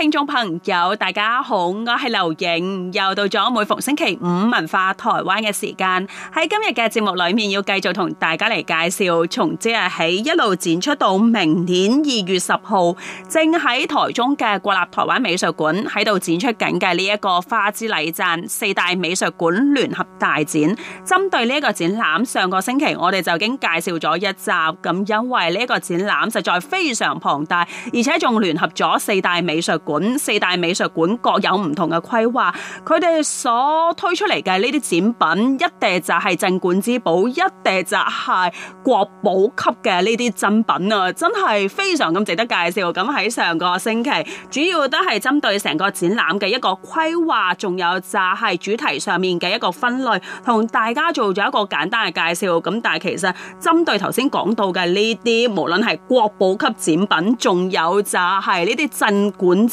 聽眾朋友，大家好，我係劉影，又到咗每逢星期五文化台灣嘅時間。喺今日嘅節目裏面，要繼續同大家嚟介紹，從即日起一路展出到明年二月十號，正喺台中嘅國立台灣美術館喺度展出緊嘅呢一個花之禮讚四大美術館聯合大展。針對呢一個展覽，上個星期我哋就已經介紹咗一集。咁因為呢個展覽實在非常龐大，而且仲聯合咗四大美術館四大美術館各有唔同嘅規劃，佢哋所推出嚟嘅呢啲展品，一啲就係鎮館之寶，一啲就係國寶級嘅呢啲珍品啊，真係非常咁值得介紹。咁喺上個星期，主要都係針對成個展覽嘅一個規劃，仲有就係主題上面嘅一個分類，同大家做咗一個簡單嘅介紹。咁但係其實針對頭先講到嘅呢啲，無論係國寶級展品，仲有就係呢啲鎮館。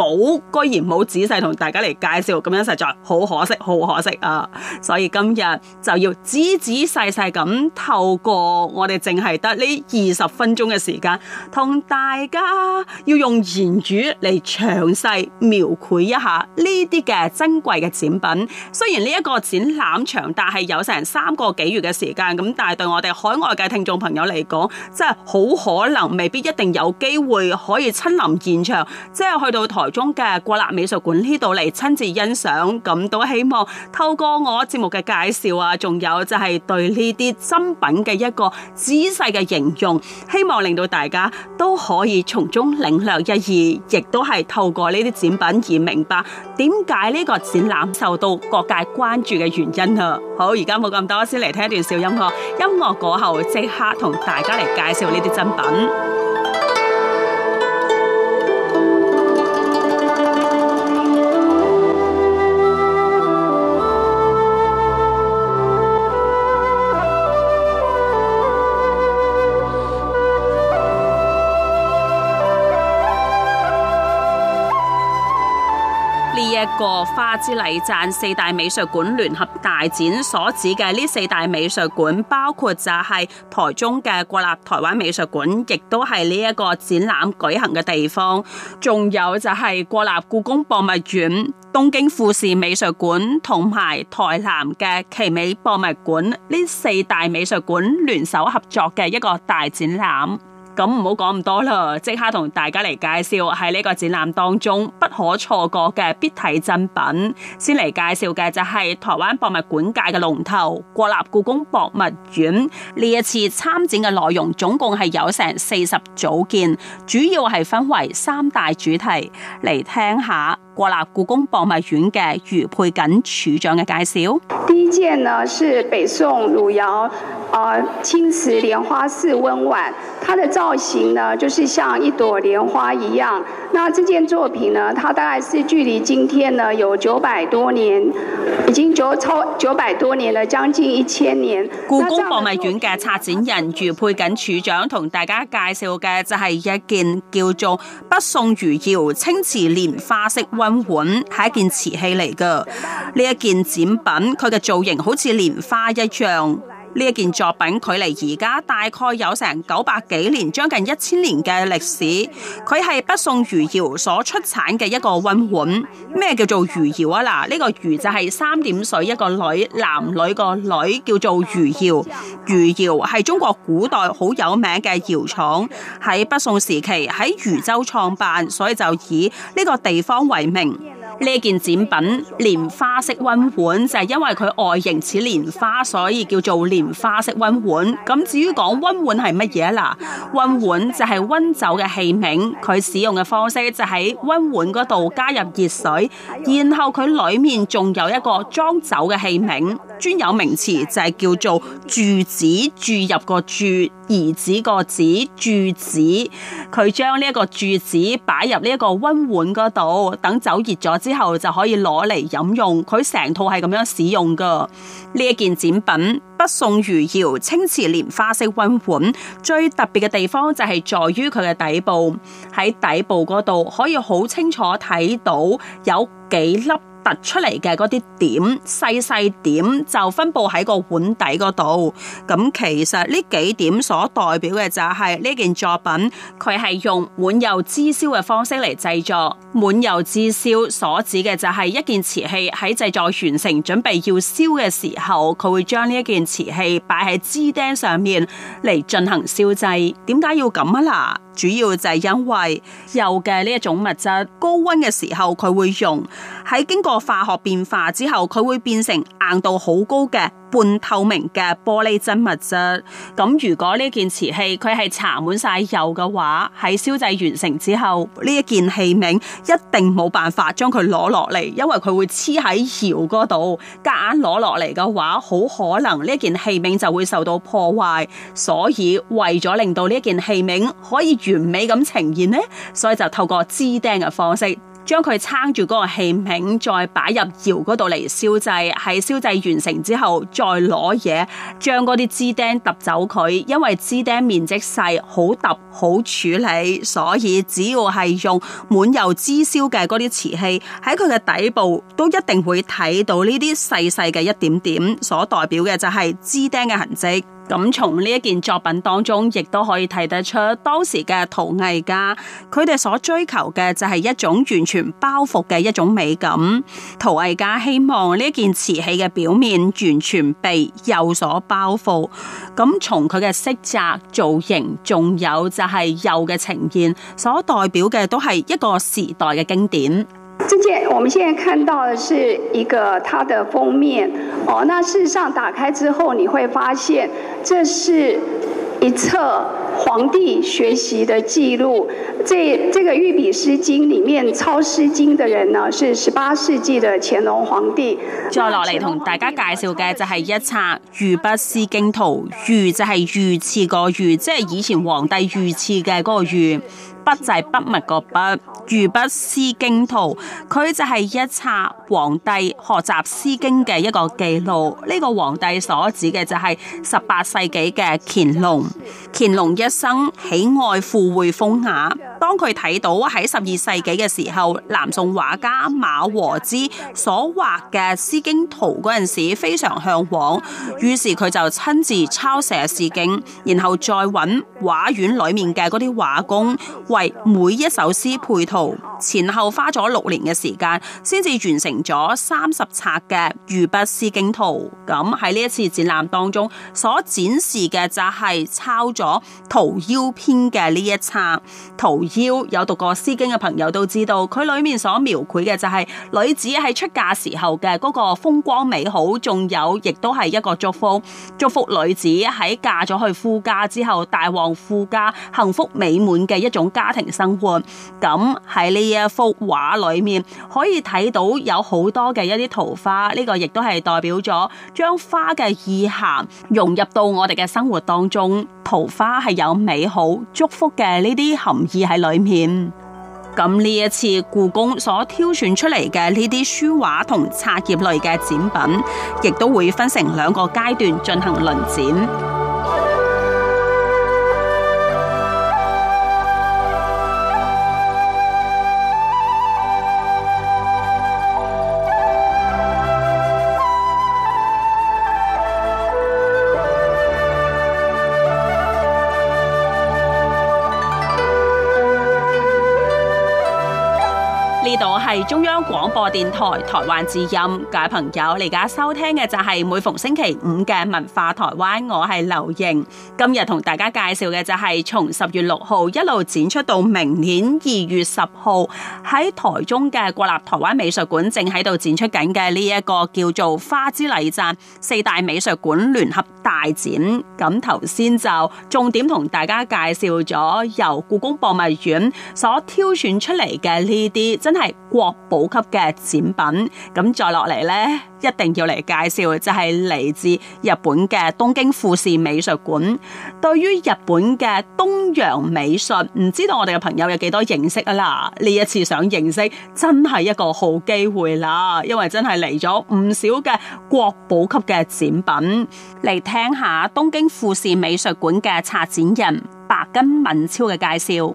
冇，居然冇仔細同大家嚟介紹，咁樣實在好可惜，好可惜啊！所以今日就要仔仔細細咁透過我哋，淨係得呢二十分鐘嘅時間，同大家要用言語嚟詳細描繪一下呢啲嘅珍貴嘅展品。雖然呢一個展覽長，但係有成三個幾月嘅時間。咁但係對我哋海外嘅聽眾朋友嚟講，真係好可能未必一定有機會可以親臨現場，即係去到台中嘅國立美術館呢度嚟親自欣賞，咁都希望透過我節目嘅介紹啊，仲有就係對呢啲珍品嘅一個仔細嘅形容，希望令到大家都可以從中領略一二，亦都係透過呢啲展品而明白點解呢個展覽受到各界關注嘅原因啊！好，而家冇咁多，先嚟聽一段小音樂，音樂過後即刻同大家嚟介紹呢啲珍品。一個花之禮讚四大美術館聯合大展所指嘅呢四大美術館包括就係台中嘅國立台灣美術館，亦都係呢一個展覽舉行嘅地方，仲有就係國立故宮博物院、東京富士美術館同埋台南嘅奇美博物館，呢四大美術館聯手合作嘅一個大展覽。咁唔好講咁多啦，即刻同大家嚟介紹喺呢個展覽當中不可錯過嘅必睇珍品。先嚟介紹嘅就係台灣博物館界嘅龍頭，國立故宮博物院。呢一次參展嘅內容，總共係有成四十組件，主要係分為三大主題嚟聽下。國立故宮博物院嘅余佩瑾處長嘅介紹：第一件呢是北宋汝窯青瓷蓮花式溫碗。它的造型呢就是像一朵蓮花一樣。那這件作品呢，它大概是距離今天呢有九百多年，已經九超九百多年了，將近一千年。故宮博物院嘅策展人余佩瑾處長同大家介紹嘅就係一件叫做北宋汝窯青瓷蓮花式。溫碗係一件瓷器嚟㗎，呢一件展品，佢嘅造型好似蓮花一樣。呢一件作品，距離而家大概有成九百幾年，將近一千年嘅歷史。佢係北宋汝窯所出產嘅一個溫碗。咩叫做汝窯啊？嗱，呢個汝就係三點水一個女，男女個女叫做汝窯。汝窯係中國古代好有名嘅窯廠，喺北宋時期喺汝州創辦，所以就以呢個地方為名。呢件展品蓮花式溫碗就係、是、因為佢外形似蓮花，所以叫做蓮花式溫碗。咁至於講溫碗係乜嘢啦？溫碗就係溫酒嘅器皿，佢使用嘅方式就喺溫碗嗰度加入熱水，然後佢裏面仲有一個裝酒嘅器皿，專有名詞就係叫做注子，注入個注」。兒子個子柱子，佢將呢一個柱子擺入呢一個溫碗嗰度，等酒熱咗之後就可以攞嚟飲用。佢成套係咁樣使用噶。呢一件展品，北宋汝窯青瓷蓮花式溫碗，最特別嘅地方就係在於佢嘅底部。喺底部嗰度可以好清楚睇到有幾粒，突出嚟嘅啲點，細細點就分布喺個碗底度。咁其實呢幾點所代表嘅就係、是、呢件作品，佢係用滿釉支燒嘅方式嚟製作。滿釉支燒所指嘅就係一件瓷器喺製作完成、準備要燒嘅時候，佢會將呢一件瓷器擺喺支釘上面嚟進行燒製。點解要咁啊？啦，主要就係因為釉嘅呢一種物質，高温嘅時候佢會用。喺經過。個化學變化之後，佢會變成硬度好高嘅半透明嘅玻璃質物質。咁如果呢件瓷器佢係搽滿晒釉嘅話，喺燒製完成之後，呢一件器皿一定冇辦法將佢攞落嚟，因為佢會黐喺窯嗰度。夾硬攞落嚟嘅話，好可能呢件器皿就會受到破壞。所以為咗令到呢件器皿可以完美咁呈現呢，所以就透過支釘嘅方式。將佢撐住嗰個器皿，再擺入窑嗰度嚟燒製。喺燒製完成之後，再攞嘢將嗰啲支釘揼走佢，因為支釘面積細，好揼好處理，所以只要係用滿釉支燒嘅嗰啲瓷器，喺佢嘅底部都一定會睇到呢啲細細嘅一點點，所代表嘅就係支釘嘅痕跡。咁從呢一件作品當中，亦都可以睇得出當時嘅陶藝家，佢哋所追求嘅就係一種完全包覆嘅一種美感。陶藝家希望呢一件瓷器嘅表面完全被釉所包覆。咁從佢嘅色澤、造型，仲有就係釉嘅呈現，所代表嘅都係一個時代嘅經典。這件我們現在看到的是一個它的封面哦，那事實上打開之後你會發現，這是一冊皇帝學習的記錄。這這個御筆詩經裏面抄詩經的人呢，是十八世紀的乾隆皇帝。再落嚟同大家介紹嘅就係一冊御筆詩經圖，御就係御賜嗰個御，即係以前皇帝御賜嘅嗰個御。筆就係筆墨個筆，如《筆詩經圖》，佢就係一冊皇帝學習詩經嘅一個記錄。呢個皇帝所指嘅就係十八世紀嘅乾隆。乾隆一生喜愛附會風雅，當佢睇到喺十二世紀嘅時候，南宋畫家馬和之所畫嘅《詩經圖》嗰陣時，非常向往，於是佢就親自抄寫詩經，然後再揾畫院裏面嘅嗰啲畫工。為每一首詩配圖，前後花咗六年嘅時間，先至完成咗三十冊嘅《御筆詩經圖》。咁喺呢一次展覽當中所展示嘅就係抄咗《桃夭》篇嘅呢一冊《桃夭》。有讀過《詩經》嘅朋友都知道，佢裏面所描繪嘅就係、是、女子喺出嫁時候嘅嗰個風光美好，仲有亦都係一個祝福，祝福女子喺嫁咗去夫家之後，大旺夫家、幸福美滿嘅一種，家庭生活，咁喺呢一幅畫裏面可以睇到有好多嘅一啲桃花，呢個亦都係代表咗將花嘅意涵融入到我哋嘅生活當中。桃花係有美好祝福嘅呢啲含義喺裏面。咁呢一次故宮所挑選出嚟嘅呢啲書畫同冊頁類嘅展品，亦都會分成兩個階段進行輪展。播電台台灣之音，各位朋友，而家收聽嘅就係每逢星期五嘅文化台灣，我係劉瑩，今日同大家介紹嘅就係從十月六號一路展出到明年二月十號喺台中嘅國立台灣美術館正喺度展出緊嘅呢一個叫做《花之禮讚》四大美術館聯合大展。咁頭先就重點同大家介紹咗由故宮博物院所挑選出嚟嘅呢啲真係國寶級嘅展品，咁再落嚟呢。一定要嚟介紹，就係、是、嚟自日本嘅東京富士美術館。對於日本嘅東洋美術，唔知道我哋嘅朋友有幾多認識啊啦？呢一次想認識，真係一個好機會啦。因為真係嚟咗唔少嘅國寶級嘅展品。嚟聽下東京富士美術館嘅策展人白根文超嘅介紹。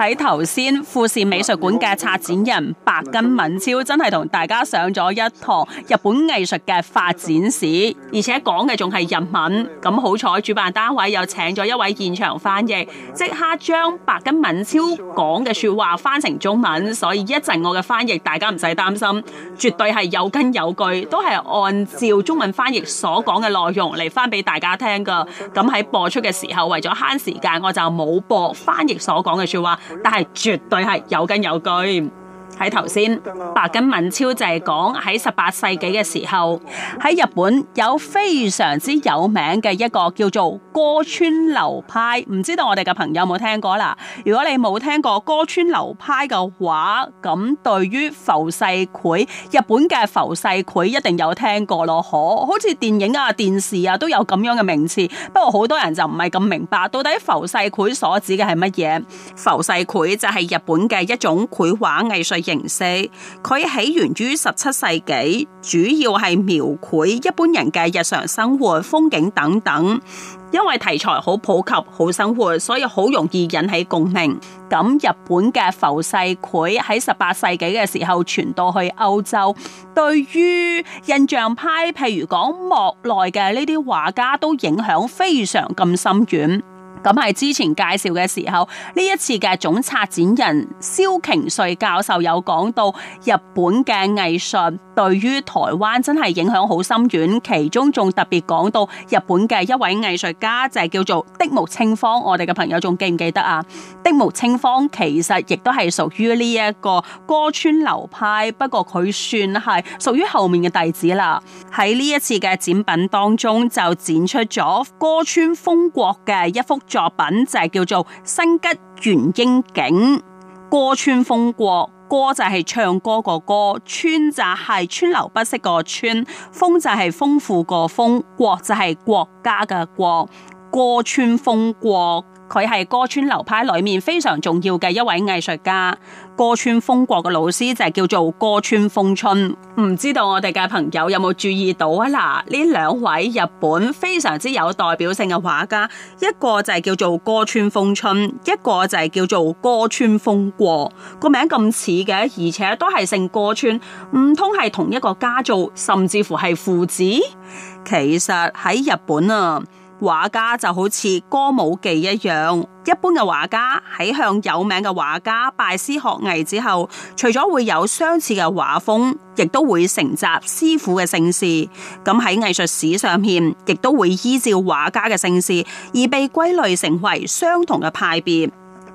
喺頭先富士美術館嘅策展人白金敏超真係同大家上咗一堂日本藝術嘅發展史，而且講嘅仲係日文。咁好彩，主辦單位又請咗一位現場翻譯，即刻將白金敏超講嘅説話翻成中文。所以一陣我嘅翻譯，大家唔使擔心，絕對係有根有據，都係按照中文翻譯所講嘅內容嚟翻俾大家聽㗎。咁喺播出嘅時候，為咗慳時間，我就冇播翻譯所講嘅説話。但係絕對係有根有據。喺頭先，白金文超就係講喺十八世紀嘅時候，喺日本有非常之有名嘅一個叫做歌川流派，唔知道我哋嘅朋友有冇聽過啦？如果你冇聽過歌川流派嘅話，咁對於浮世繪，日本嘅浮世繪一定有聽過咯，可好似電影啊、電視啊都有咁樣嘅名詞。不過好多人就唔係咁明白，到底浮世繪所指嘅係乜嘢？浮世繪就係日本嘅一種繪畫藝術。形式，佢起源於十七世紀，主要係描繪一般人嘅日常生活、風景等等。因為題材好普及、好生活，所以好容易引起共鳴。咁日本嘅浮世繪喺十八世紀嘅時候傳到去歐洲，對於印象派，譬如講莫奈嘅呢啲畫家都影響非常咁深遠。咁係之前介紹嘅時候，呢一次嘅總策展人蕭瓊瑞教授有講到日本嘅藝術對於台灣真係影響好深遠，其中仲特別講到日本嘅一位藝術家就係、是、叫做鏑木清方，我哋嘅朋友仲記唔記得啊？鏑木清方其實亦都係屬於呢一個歌川流派，不過佢算係屬於後面嘅弟子啦。喺呢一次嘅展品當中，就展出咗歌川豐國嘅一幅。作品就係叫做《新吉原櫻景歌川豐國歌，歌，歌》，就係唱歌個歌，川就係川流不息個川，豐就係豐富個豐，國就係國家嘅國。歌川豐國，佢係歌川流派裏面非常重要嘅一位藝術家。歌川豐國嘅老師就係叫做歌川豐春。唔知道我哋嘅朋友有冇注意到啊？嗱，呢兩位日本非常之有代表性嘅畫家，一個就係叫做歌川豐春，一個就係叫做歌川豐國。個名咁似嘅，而且都係姓歌川，唔通係同一個家族，甚至乎係父子？其實喺日本啊。畫家就好似歌舞伎一樣，一般嘅畫家喺向有名嘅畫家拜師學藝之後，除咗會有相似嘅畫風，亦都會承襲師傅嘅姓氏。咁喺藝術史上面，亦都會依照畫家嘅姓氏而被歸類成為相同嘅派別。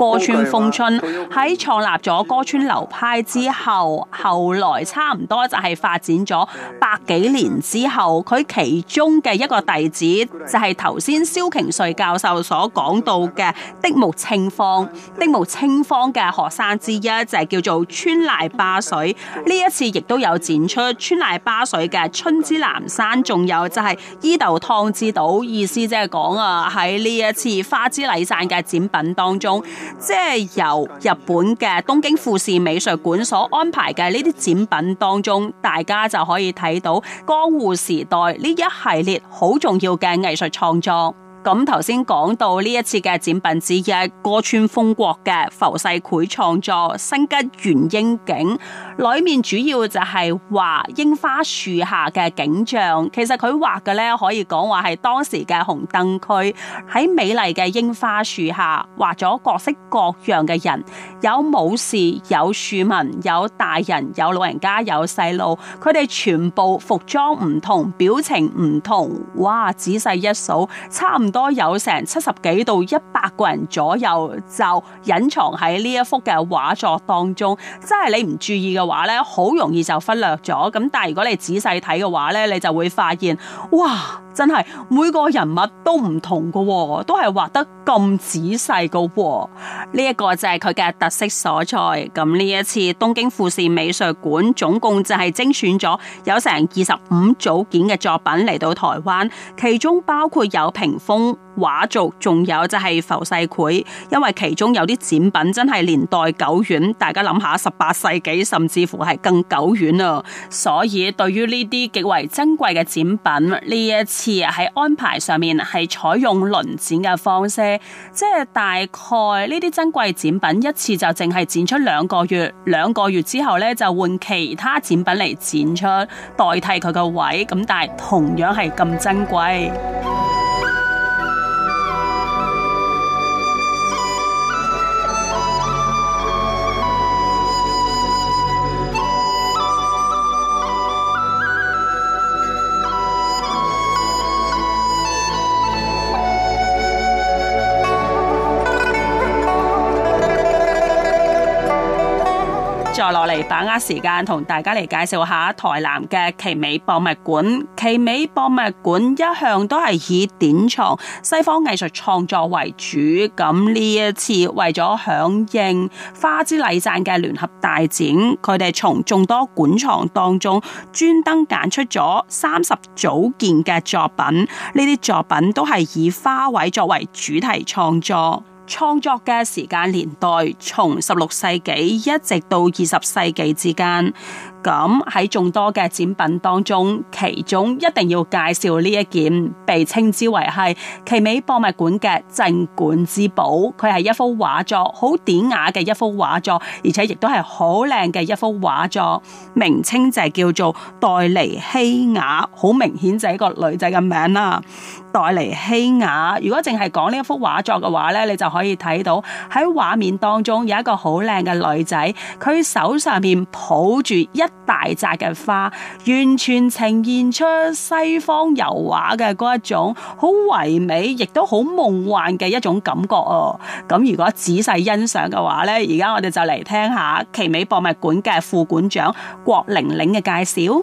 歌川豐春喺創立咗歌川流派之後，後來差唔多就係發展咗百幾年之後，佢其中嘅一個弟子就係頭先蕭瓊瑞教授所講到嘅鏑木清方」。 鏑木清方嘅學生之一，就係叫做川瀨巴水。呢一次亦都有展出川瀨巴水嘅《春之嵐山》，仲有就係伊豆湯之島。意思即係講啊，喺呢一次花之禮讚嘅展品當中。即係由日本嘅東京富士美術館所安排嘅呢啲展品當中，大家就可以睇到江戶時代呢一系列好重要嘅藝術創作。咁頭先講到呢一次嘅展品之一，歌川豐國嘅浮世繪創作《新吉原櫻景》，裏面主要就係畫櫻花樹下嘅景象。其實佢畫嘅咧，可以講話係當時嘅紅燈區，喺美麗嘅櫻花樹下畫咗各式各樣嘅人，有武士，有庶民，有大人，有老人家，有細路，佢哋全部服裝唔同，表情唔同。哇，仔細一數，差唔。多有成七十幾到一百個人左右，就隱藏喺呢一幅嘅畫作當中。真係你唔注意嘅話咧，好容易就忽略咗。咁但係如果你仔細睇嘅話咧，你就會發現，哇！真係每個人物都唔同噶、哦，都係畫得咁仔細噶、哦。呢、這、一個就係佢嘅特色所在。咁呢一次東京富士美術館總共就係精選咗有成二十五組件嘅作品嚟到台灣，其中包括有屏風。畫作，仲有就係浮世繪，因為其中有啲展品真係年代久遠，大家諗下十八世紀，甚至乎係更久遠啊！所以對於呢啲極為珍貴嘅展品，呢一次喺安排上面係採用輪展嘅方式，即係大概呢啲珍貴展品一次就淨係展出兩個月，兩個月之後呢就換其他展品嚟展出，代替佢個位，咁但係同樣係咁珍貴。嚟把握時間同大家嚟介紹下台南嘅奇美博物館。奇美博物館一向都係以典藏西方藝術創作為主，咁呢一次為咗響應花之禮讚嘅聯合大展，佢哋從眾多館藏當中專登揀出咗三十組件嘅作品。呢啲作品都係以花卉作為主題創作。創作嘅時間年代從十六世紀一直到二十世紀之間，咁喺眾多嘅展品當中，其中一定要介紹呢一件被稱之為係奇美博物館嘅鎮館之寶。佢係一幅畫作，好典雅嘅一幅畫作，而且亦都係好靚嘅一幅畫作。名稱就係叫做黛妮希雅，好明顯就係一個女仔嘅名啦。黛妮希雅，如果淨係講呢一幅畫作嘅話呢，你就可以睇到喺畫面當中有一個好靚嘅女仔，佢手上面抱住一大扎嘅花，完全呈現出西方油畫嘅嗰一種好唯美，亦都好夢幻嘅一種感覺哦。咁如果仔細欣賞嘅話呢，而家我哋就嚟聽下奇美博物館嘅副館長郭玲玲嘅介紹。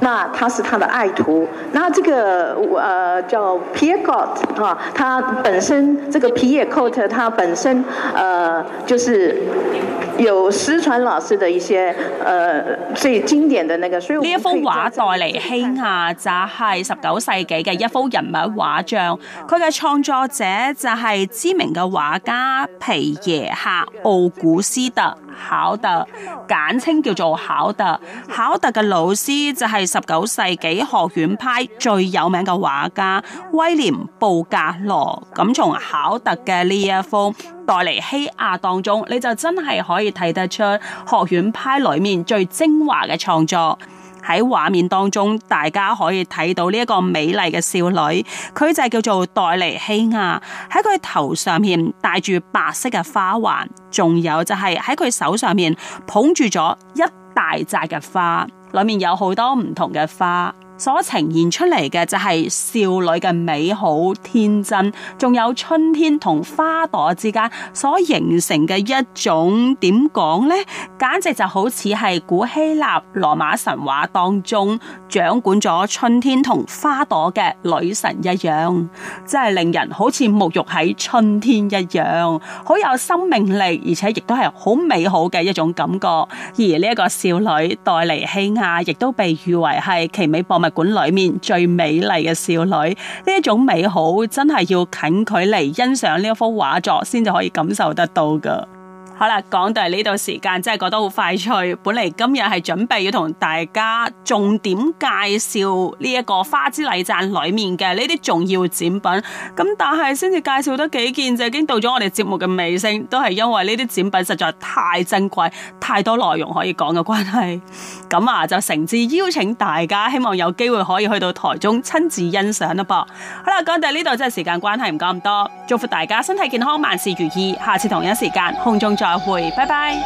那他是他的愛徒，那這個呃叫皮耶克特啊，他本身這個皮耶克特他本身呃就是有師傳老師的一些呃最經典的那個，所以我呢一幅畫黛妮希雅就係十九世紀嘅一幅人物畫像，佢嘅創作者就係知名嘅畫家皮耶克奧古斯特。考特，簡稱叫做考特。考特嘅老師就係十九世紀學院派最有名嘅畫家威廉布格羅。咁從考特嘅呢一幅《黛妮希雅》當中，你就真係可以睇得出學院派裏面最精華嘅創作。喺畫面當中，大家可以睇到呢一個美麗嘅少女，佢就係叫做黛妮希雅，喺佢頭上面戴住白色嘅花環，仲有就係喺佢手上面捧住咗一大扎嘅花，裏面有好多唔同嘅花。所呈現出嚟嘅就係少女嘅美好天真，仲有春天同花朵之間所形成嘅一種點講咧？簡直就好似係古希臘羅馬神話當中掌管咗春天同花朵嘅女神一樣，真係令人好似沐浴喺春天一樣，好有生命力，而且亦都係好美好嘅一種感覺。而呢一個少女黛妮希雅亦都被譽為係奇美博物館裏面最美麗嘅少女，呢一種美好真係要近距離欣賞呢一幅畫作先至可以感受得到噶。好啦，講到呢度時間真係覺得好快脆。本嚟今日係準備要同大家重點介紹呢一個花之禮讚裏面嘅呢啲重要展品，咁但係先至介紹得幾件就已經到咗我哋節目嘅尾聲，都係因為呢啲展品實在太珍貴，太多內容可以講嘅關係。咁啊，就誠摯邀請大家，希望有機會可以去到台中親自欣賞啦噃。好啦，講到呢度真係時間關係唔夠咁多，祝福大家身體健康，萬事如意。下次同一時間，空中。再會，拜拜。